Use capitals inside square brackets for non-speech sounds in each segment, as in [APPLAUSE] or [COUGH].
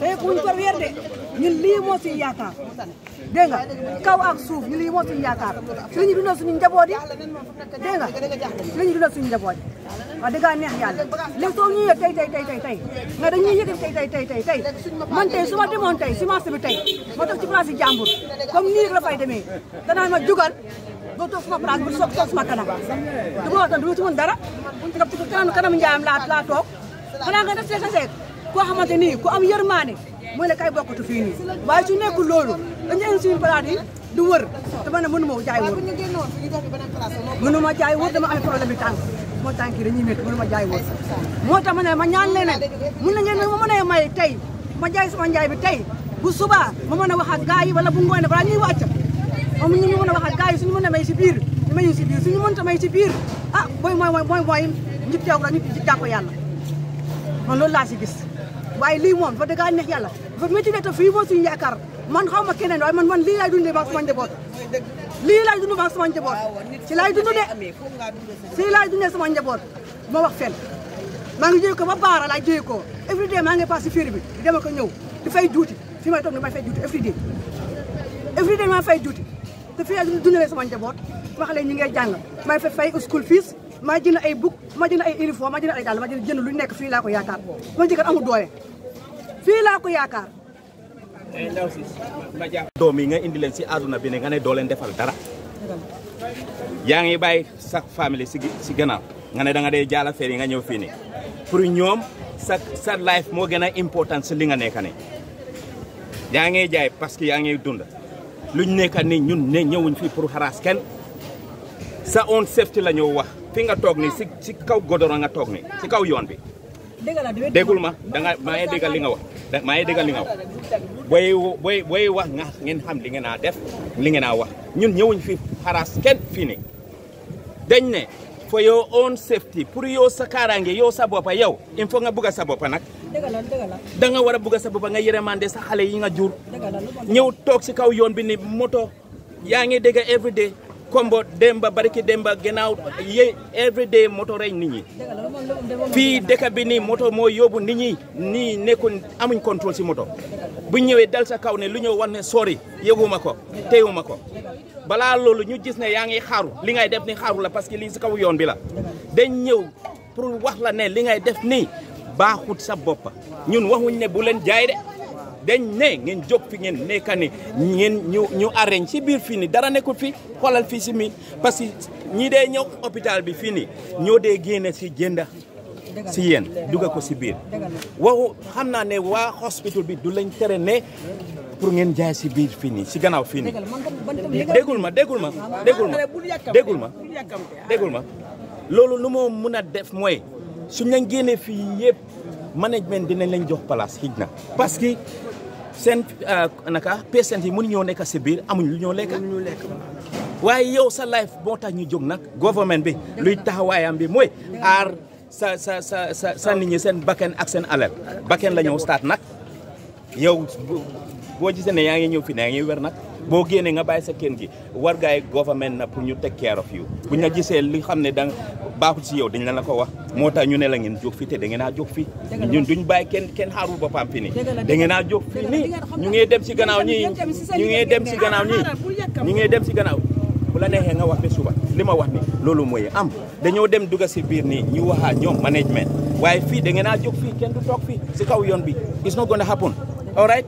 teekuñ ko weer de ñun lii moo suñu yaakaar dégg nga kaw ak suuf ñu lii moo suñu yaakaar yi dégg nga si la ñuy dundal suñu njaboot yi wax neex yàlla léegi soo ñuy yëg tey tey tey nga dañuy yëgal tey tey tey man tey su ma demoon tey semence bi tey ma toog ci place yi jàmbur nii la fay demee danaa ma jugal doo toog suma place bu soog toog suma kanam du ma wax dara du ma si mën dara kanam kanam njaayam laa laa toog xanaa nga def seek a koo xamante ni ku am yërmaane mooy la kay bokkatu fii nii waaye su nekkul loolu dañu indi suñu palaat yi du wër dama ne mënu ma jaay wër mënu ma jaay wër dama am problème bi tànk moo tànk yi dañuy métti mënu ma jaay wër moo tax ma ne ma ñaan leneen mun na ngeen ma mën a may tey ma jaay sama njaay bi tey bu ma mën a wax ak gars yi wala bu ngoone balaa ñuy wàcc moom ñu mën a wax a may si biir ñu may si biir suñu mënta may si biir ah booy mooy mooy mooy njib teew la ñu ci laa si gis waaye lii moom fa dëggaa neex yàlla dafa métti ne te fii mooy suñu yaakaar man xaw ma keneen waaye man man lii laay dundee maag sama njaboot lii laay dund maag sama njaboot si laay dund de si laay dundee sama njaboot ma wax fen maa ngi ba baara laay jóge ko every day maa ngi bi di dema ko ñëw fay juuti fi ma toog ni may fay juuti every day every day maa fay juuti te fii laay dundalee sama njaboot ma xale ñu ngi jàng may fay school fees maa jënd ay bug maa jënd ay uniforme maa jënd ay dàll maa jënd lu nekk fii laa ko yaakaar sama jëkkër amul doole fii laa ko yaakaar eh, doom yi nga indi leen si àdduna bi ne nga ne doo leen defal dara yaa ngi bàyyi sa famille si si gannaaw nga ne danga nga dee jaala feer yi nga ñëw fii nii pour ñoom sa sa life moo gën a important si li nga nekk ne yaa ngi jaay parce que yaa ngi dund luñ nekk ni ñun ne ñëwuñ fii pour harass kenn sa own safety la ñëw wax fi nga tok ni ci kaw godoro nga tok ni ci kaw yoon bi dégul ma da nga maa ngi déggal li nga wax maa ngi déggal li nga wax boy boy boy wax nga ngeen xam li ngeena def li ngeena wax ñun ñewuñ fi haras ken fi ni dañ ne for your own safety pour yo sa karange yo sa boppa yow il faut nga bëgg sa boppa nag da nga wara bëgg sa boppa nga yërëmande sa xalé yi nga jur ñew tok ci kaw yoon bi ni moto yaa ngi dégg every day kombo demba barki demba gannaaw ye everyday moto rey nit ñi fii dëkk bi nii moto moo yóbbu nit ñi nii nekkul amuñ contrôle si moto bu ñëwee dal sa kaw ne lu ñëw wax ne sori yëguma ko teewuma ko balaa loolu ñu jis ne yaa ngi xaaru li ngay def ni xaaru la parce que lii si kaw yoon bi la dañ ñëw pour wax la ne li ngay def nii baaxut sa bopp ñun waxuñ ne bu leen jaay de dañ ne ngeen jóg fi ngeen nekka ni ngeen ñu ñu arrange ci biir fini dara nekkul fi xoolal fii si mi parce que ñi dee ñëw hôpital bi fii si jënda si yéen duga ko si biir waxu xam ne waa hospital bi du lañ tere ne pour ngeen jaay si biir fii si gannaaw fini. Degul ma degul ma degul ma degul ma ah, degul ah. ma loolu lu moo def mooy suñ lañ génnee fii management dinañ lañ jox place xij parce que seen euh, naka patient yi mënu ñëw nekka si biir amuñ lu ñëw lekk waaye yow sa life boo tax ñu jóg nag gouvernement bi luy taxawaayam bi mooy aar sa sa sa sa nit ñi seen bakkan ak seen alal bakkan la ñëw start nag bo gisee ne yaa ngi ñëw fi ne yaa ngi wér nag boo nga bay sa kenn gi war gaay government na pour ñu take care of you bu ñu gisee li xam ne da baaxul si yow dañ la la ko wax moo tax ñu ne la ngeen jox fi te da ngeen na jox fi ñun duñ bay kenn kenn xaarul boppam fi ni da ngeen na jox fi ni ñu ngi dem ci gannaaw ñi ñu ngi dem ci gannaaw ñi ñu ngi dem ci gannaaw bu la neexee nga wax ba suba lima wax ni lolu moy am dañu dem duga ci bir ni ñu waxa ñom management waye fi da ngeen na jox fi kenn du tok fi ci kaw yoon bi it's not going to happen all right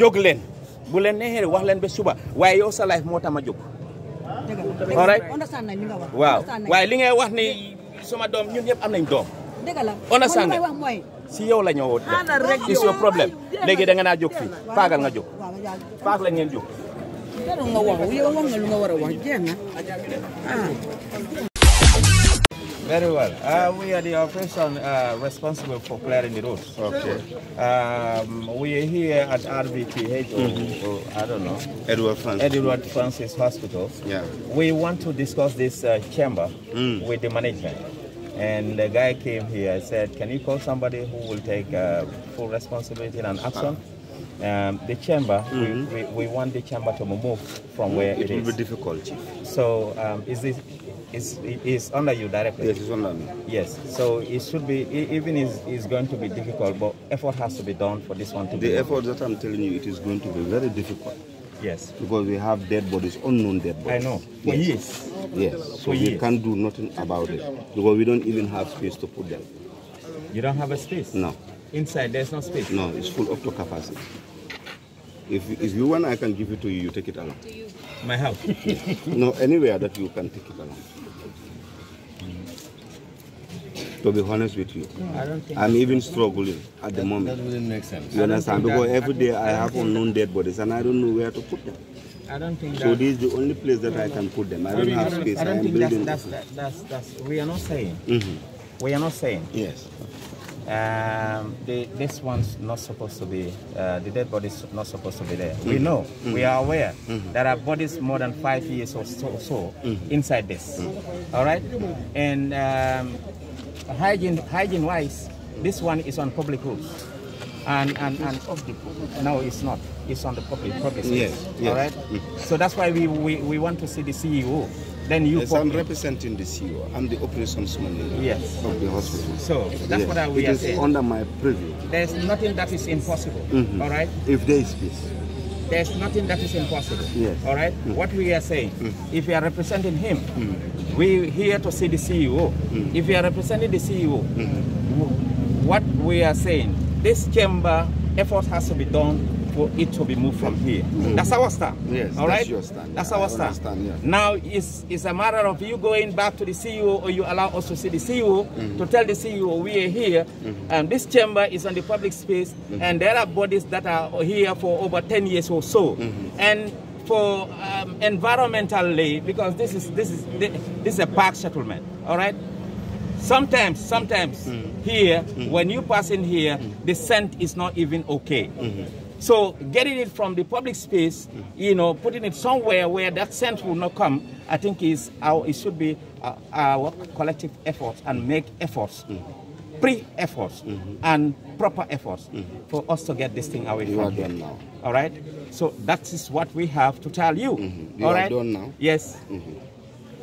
jog len bu len neexee wax len be suba waye yow sa life moo tax ma jóg. all right waaw waaye li ngay wax ni suma dom ñun ñëpp am nañ doom. dëgg la understand moy si yow la ñëwoon rek is your problème léegi da nga na jog fi pagal nga jog faag la ngeen jog jóg. nga wax yow wax nga lu nga wara wax jeex Very well. Uh, we are the operation uh, responsible for clearing the roads. Okay. Um, we are here at RVTH, mm -hmm. or, I don't know. Edward Francis. Edward Francis Hospital. Yeah. We want to discuss this uh, chamber mm. with the management. And the guy came here and said, can you call somebody who will take uh, full responsibility and action? Ah. Um, the chamber, mm -hmm. we, mm-hmm. we, we, want the chamber to move from mm-hmm. where it, it will be difficult. So um, is this it's, under you directly. Yes, it's under me. Yes, so it should be, even is is going to be difficult, but effort has to be done for this one to the be The effort done. that I'm telling you, it is going to be very difficult. Yes. Because we have dead bodies, unknown dead bodies. I know. Yes. yes. years. Yes. So we can't do nothing about it because we don't even have space to put them. You don't have a space? No. Inside there's no space? No, it's full up to capacity. If, if you want, I can give it to you. You take it along. My house? [LAUGHS] no, anywhere that you can take it along. To be honest with you, I'm even struggling at the moment. That wouldn't make sense. You understand? Because every day I have unknown dead bodies and I don't know where to put them. I don't think so this is the only place that I can put them. I don't have space. I, don't I am think building. That's, that's, that's, that's, we are not saying. Mm -hmm. We are not saying. Yes. Um, the, this one's not supposed to be, uh, the dead body's not supposed to be there. Mm. We mm-hmm. know, mm. we are aware. Mm. Mm-hmm. There are bodies more than five years or so, so inside this. All right? And um, hygiene, hygiene wise, this one is on public roads. And, and, and off the no, it's not. It's on the public property. Yes, yes. All right. So that's why we, we, we want to see the CEO then you. Yes, I'm representing the CEO. I'm the operations manager. Yes. Of the hospital. So that's yes. what I we it are saying. under my privilege. There's nothing that is impossible. Mm -hmm. all right. If there is peace. There's nothing that is impossible. Yes. All right. Mm What we are saying, mm if you are representing him, mm-hmm. we here to see the CEO. If you are representing the CEO, what we are saying, this chamber effort has to be done for it to be moved from here. Mm. That's our stand. Yes, all right? that's your stand. That's our stand. stand yeah. Now, it's, it's a matter of you going back to the CEO or you allow us to see the CEO mm. Mm-hmm. to tell the CEO we are here. Mm -hmm. this chamber is on the public space -hmm. and there are bodies that are here for over 10 years or so. -hmm. And for um, environmentally, because this is, this, is, this is a park settlement, all right? Sometimes, sometimes mm. here, mm. when you pass in here, mm. the scent is not even okay. -hmm. So getting it from the public space, you know, putting it somewhere where that scent will not come, I think is our, it should be uh, our, collective efforts and make efforts. Mm -hmm. Pre-efforts mm -hmm. and proper efforts mm -hmm. for us to get this thing away you from them now. All right. So that is what we have to tell you. Mm-hmm. you All right. done now. Yes. Mm-hmm.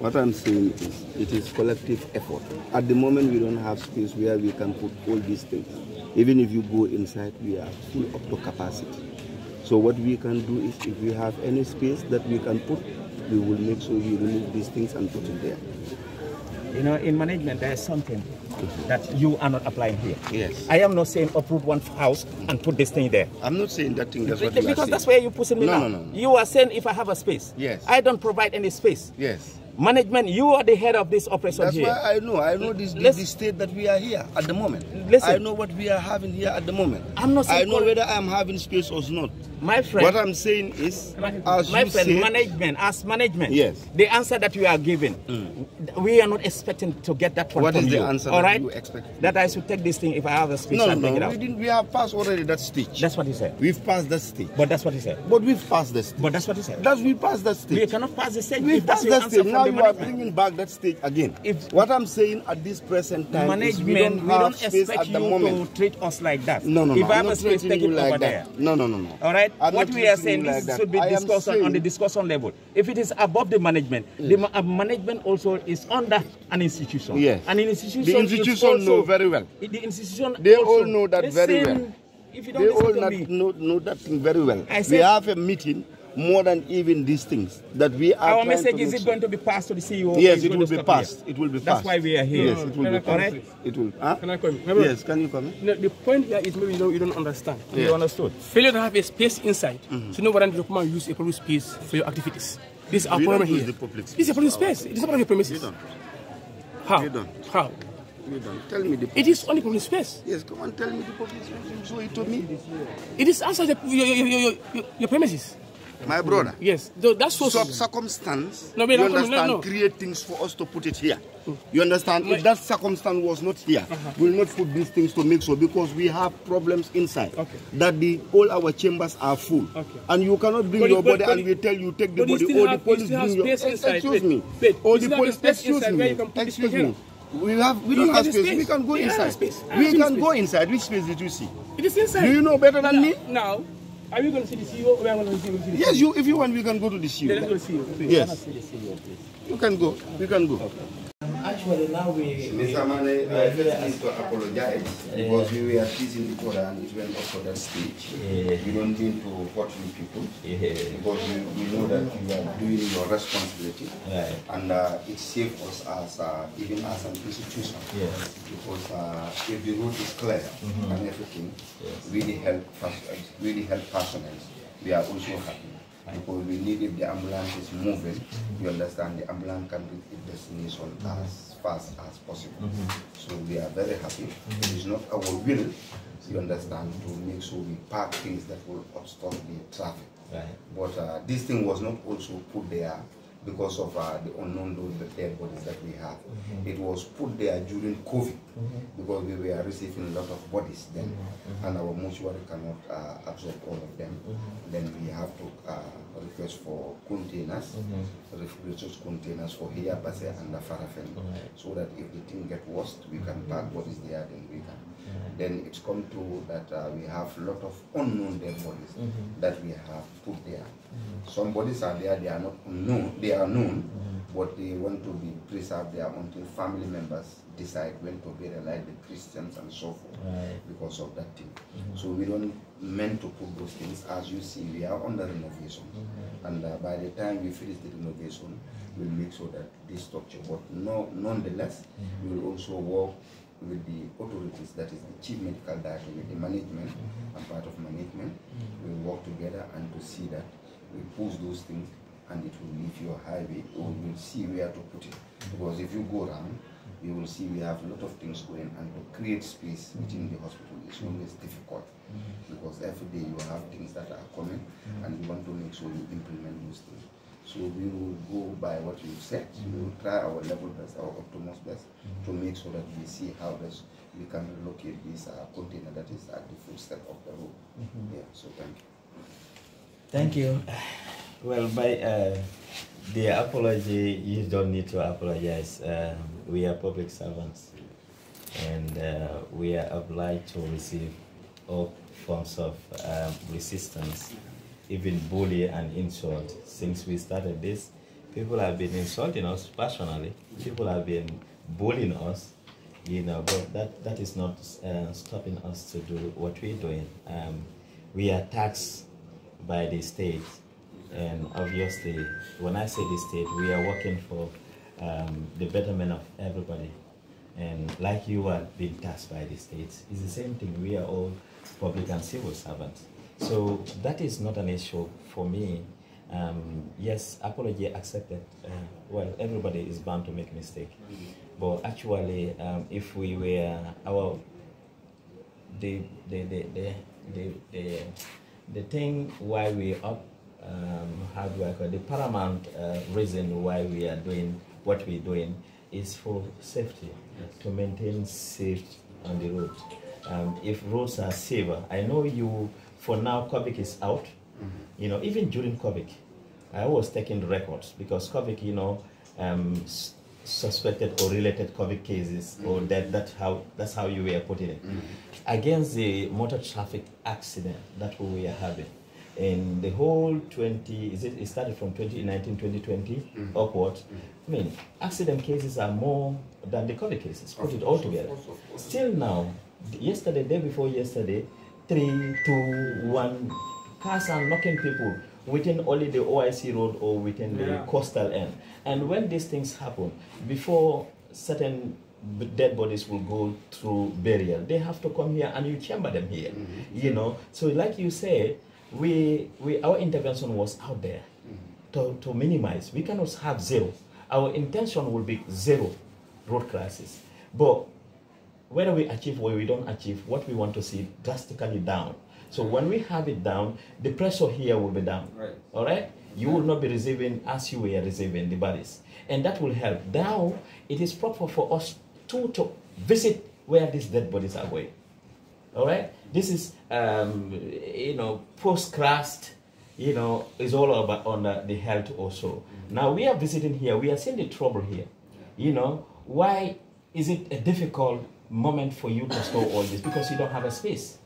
What I'm saying is, it is collective effort. At the moment, we don't have space where we can put all these things. Even if you go inside, we are full up to capacity. So what we can do is if we have any space that we can put, we will make sure we remove these things and put it there. You know, in management, there's something that you are not applying here. Yes. I am not saying uproot one house and put this thing there. I'm not saying that thing. That's what because you are saying. that's where you're pushing me no, now. No, no, no. You are saying if I have a space. Yes. I don't provide any space. Yes. Management, you are the head of this operation That's here. That's why I know. I know this, this, this, state that we are here at the moment. Listen. I know what we are having here at the moment. I'm not I know whether I'm having space or not. My friend. What I'm saying is, as my friend, say, management, as management, yes. the answer that you are giving, mm. we are not expecting to get that one What is you, the answer all right? you expect? That I should take this thing if I have a speech no, and no, take it out. We, we have passed already that stage. That's what he said. We've passed that stage. But that's what he said. But we've passed that stage. But that's what he said. That's we passed that stage. We cannot pass the stage. We passed that stage. Now you are bringing back that stage again. If what I'm saying at this present time management, is we don't, we don't expect you to treat us like that. No, no, no. If I have a space, take it over there. No, no, no, no. All right right? what we are saying like should be discussed on the discussion level. If it is above the management, the uh, management also is under an institution. Yes. And an institution. The institution also, know very well. The institution. They all know that very well. If you don't they all not, know, know that very well. Said, we have a meeting more than even these things that we are. Our message is it going to be passed to the CEO? Yes, it will be passed. Here? It will be passed. That's why we are here. Yes, it will can be passed. It will. Huh? Can I come? Remember, yes, can you come? No, the point here is maybe you, know, you don't understand. Yes. You understood. Failure to have a space inside. Mm -hmm. So no one document use a public space for your activities. This is our problem here. This is a public space. It is not part of your premises. You don't. How? You don't. How? You don't. Tell me the. It is only public space. Yes, come on, tell me the public space. You show it to me. It is outside your, your, your, your, your premises. My brother. Yes, that's that's so. circumstance, no, you understand, no, no. create things for us to put it here. Mm. You understand? My if that circumstance was not here, uh -huh. we'll not put these things to make so because we have problems inside. Okay. That the all our chambers are full. Okay. And you cannot bring but your but body but and we tell you take the body All oh, oh, the police bring your inside. excuse me. All the police excuse me. Excuse me. We have we don't have space. We can go inside. We can go inside. Which space did you see? It is inside. Do you know better than me? Now are we going to see the CEO Or are we going to see the CEO? Yes, you, if you want, we can go to the CEO. Yeah, let's go see CEO. Yes. you can go. You can go. Okay actually now we... Mr. Mane, I first need to apologize yeah. because we were teasing each other and it went up to that stage. Yeah. We don't mean to hurt you people yeah. because we, we know that you are doing your responsibility right. and uh, it saves us as uh, even as an institution yeah. because uh, if the road is clear mm -hmm. and everything, yes. really help really help personnel. We are also happy because we need if the ambulance is moving, you understand the ambulance can reach the destination as fast as possible. Mm -hmm. So we are very happy. Mm -hmm. It is not our will, you understand, to make sure we park things that will obstruct the traffic. Right. But uh, this thing was not also put there because of uh, the unknown those the dead bodies that we have. Mm -hmm. It was put there during COVID mm -hmm. because we were receiving a lot of bodies then, mm -hmm. and our mortuary cannot uh, absorb all of them. Mm-hmm. Then we have to uh, request for containers, mm-hmm. refrigerated containers for here, Base, and the Farafen, so that if the thing get worse, we can pack bodies there, then we can. Mm-hmm. Then it's come to that uh, we have a lot of unknown dead bodies mm-hmm. that we have put there. Mm-hmm. Some bodies are there, they are not known, they are known, but they want to be preserved there until family members decide when to bury like the Christians and so forth right. because of that thing. Mm -hmm. So we don't meant to put those things. As you see, we are under renovation, mm -hmm. and uh, by the time we finish the renovation, we'll make sure that this structure. But no, nonetheless, mm -hmm. we will also work with the authorities, that is the chief medical director, with the management, mm-hmm. and part of management, mm-hmm. we work together and to see that we push those things and it will leave your highway or we'll mm-hmm. see where to put it. Because if you go around, you will see we have a lot of things going and to create space within the hospital is always difficult because every day you have things that are coming and you want to make sure you implement those things. So we will go by what you said. Mm -hmm. We will mm-hmm. try our level best, our utmost best, mm -hmm. to mm-hmm. make sure that we see how best we can relocate this uh, container that is at the footstep of the road. Mm -hmm. Yeah, so thank you. Thank you. Well, by uh, the apology, you don't need to apologize. Uh, we are public servants and uh, we are obliged to receive all forms of um, resistance even bully and insult. Since we started this, people have been insulting us personally. People have been bullying us, you know, but that, that is not uh, stopping us to do what we're doing. Um, we are taxed by the state. And obviously, when I say the state, we are working for um, the betterment of everybody. And like you are being taxed by the state, it's the same thing. We are all public and civil servants. So that is not an issue for me. Um, yes, apology accepted. Uh, well, everybody is bound to make mistake. But actually, um, if we were our the the the the the, the, the thing why we up um, how do the paramount uh, reason why we are doing what we're doing is for safety yes. to maintain safe on the road. Um, if roads are safer, I know you for now, COVID is out. Mm -hmm. You know, even during COVID, I was taking the records because COVID, you know, um, suspected or related COVID cases, mm -hmm. or mm-hmm. that that how that's how you were putting it, mm -hmm. against the motor traffic accident that we are having. And the whole 20, is it, it started from 2019, 2020 mm -hmm. upward. Mm-hmm. I mean, accident cases are more than the COVID cases, put it all together. Still now, yesterday, day before yesterday, three, two, one. Cars are knocking people within only the OIC road or within yeah. the coastal end. And when these things happen, before certain dead bodies will go through burial, they have to come here and you chamber them here. Mm -hmm. You know, so like you say, we, we our intervention was out there mm -hmm. to, to minimize. We cannot have zero. Our intention will be zero road crisis, but whether we achieve or we don't achieve, what we want to see drastically down. So when we have it down, the pressure here will be down. Right. All right? You will not be receiving as you were receiving the bodies. And that will help. Now, it is proper for us to, to visit where these dead bodies are going. All right? This is, um, you know, post christ you know, is all about on the health also. Mm -hmm. Now, we are visiting here. We are seeing the trouble here. You know, why is it difficult moment for you to store all this because you don't have a space.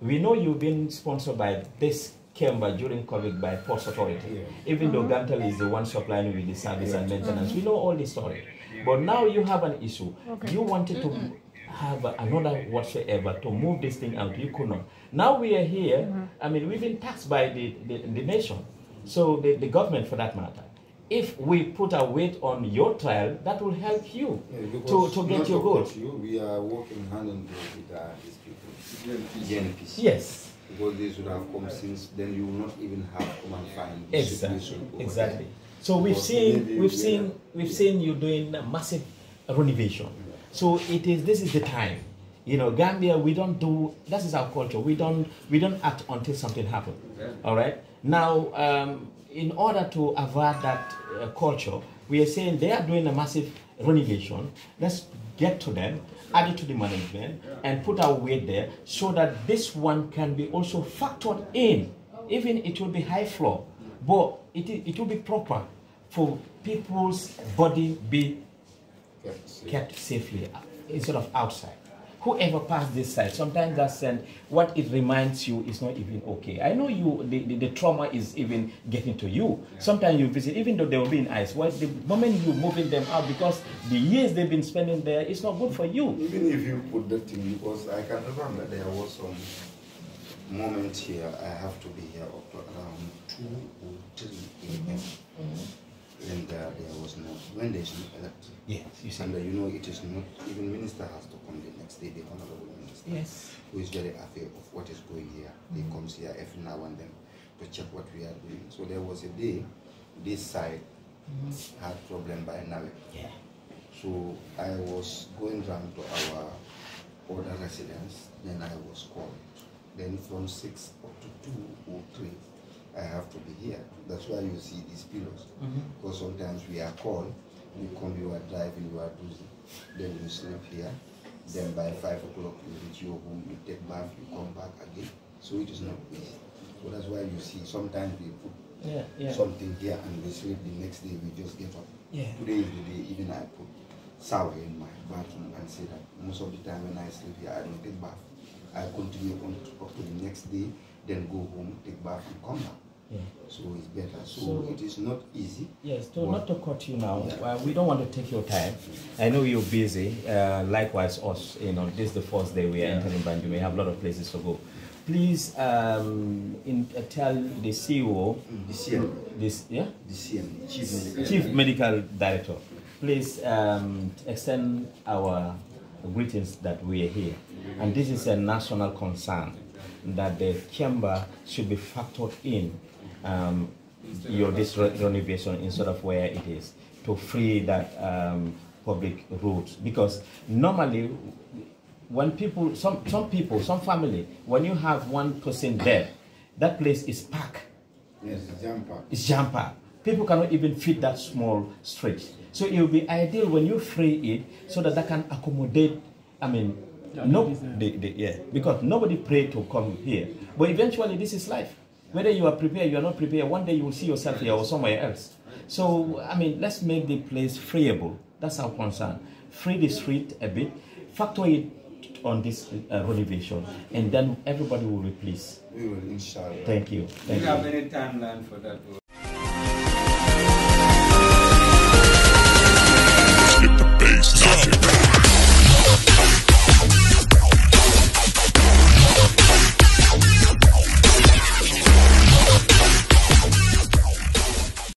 We know you've been sponsored by this Kemba during COVID by Ports Authority, yeah. even though mm-hmm. Gantel is the one supplying with the service yeah. and maintenance. We mm-hmm. know all the story. But now you have an issue. Okay. You wanted to have another whatsoever to move this thing out. You could not. Now we are here. Mm -hmm. I mean, we've been taxed by the, the, the nation, so the, the government for that matter if we put a weight on your trial, that will help you yeah, to, to get your goal. You, we are working hand in hand with uh, these people, the NPC. Yes. Because this would have come since then, you will not even have come and find Exactly. Exactly. So we've because seen, we've seen, we've yeah. seen you doing massive renovation. Yeah. So it is. This is the time you know, Gambia, we don't do, that is our culture. We don't, we don't act until something happens. Yeah. All right? Now, um, in order to avoid that uh, culture, we are saying they are doing a massive renovation. Let's get to them, add it to the management, and put our weight there so that this one can be also factored in. Even it will be high floor, but it, it will be proper for people's body be kept safely uh, instead of outside whoever passed this side, sometimes that's and what it reminds you is not even okay. I know you, the, the, the trauma is even getting to you. Yeah. Sometimes you visit, even though they will be in ice, well, the moment you're moving them out because the years they've been spending there, it's not good for you. Even if you put that thing, because I can remember there was some moment here, I have to be here up around 2 or 3 a.m. Mm -hmm. Mm-hmm. When uh, there was no recommendation that yes, you see. and uh, you know it is not even minister has to come the next day the honorable minister yes who is very aware of what is going here mm. he mm-hmm. comes here every now and then to check what we are doing so there was a day this side mm had problem by now yeah so i was going round to our other residence then i was called then from six to two or three I have to be here. That's why you see these pillows. Mm -hmm. Because sometimes we are called, you come, you are driving, you are busy, then you sleep here. Then by 5 o'clock you reach your home, you take bath, you come back again. So it is not easy. So that's why you see sometimes we put yeah, yeah. something here and we sleep the next day, we just get up. Yeah. Today is the day even I put shower in my bathroom and say that most of the time when I sleep here, I don't take bath. I continue on up to the next day, then go home, take bath and come back. So it's better. So, so, it is not easy. Yes, to, not to cut you now. Yeah. we don't want to take your time. I know you're busy. Uh, likewise, us. You know, this is the first day we are yeah. entering Banjul. We have a lot of places to go. Please um, in, uh, tell the CEO, the CM, this yeah, the CM, Chief Medical, Chief Medical Director. Please um, extend our greetings that we are here, and this is a national concern that the chamber should be factored in um, your renovation instead of where it is to free that um, public route because normally when people some some people some family when you have one person there that place is packed yes it's jam packed it's jam packed people cannot even fit that small street so it will be ideal when you free it so that that can accommodate i mean no, uh, the the yeah, because nobody pray to come here. But eventually, this is life. Whether you are prepared, you are not prepared, one day you will see yourself here or somewhere else. So, I mean, let's make the place freeable. That's our concern. Free the street a bit, factor it on this uh, renovation, and then everybody will be pleased. We will, inshallah. Thank you. Thank you. you have any timeline for that?